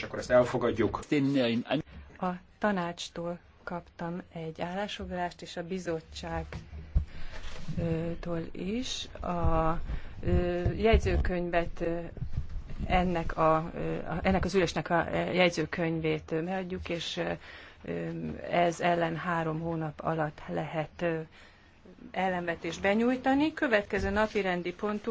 és akkor ezt elfogadjuk. A tanácstól kaptam egy állásfoglalást, és a bizottságtól is. A jegyzőkönyvet ennek, a, ennek az ülésnek a jegyzőkönyvét megadjuk, és ez ellen három hónap alatt lehet ellenvetést benyújtani. Következő napi rendi pontunk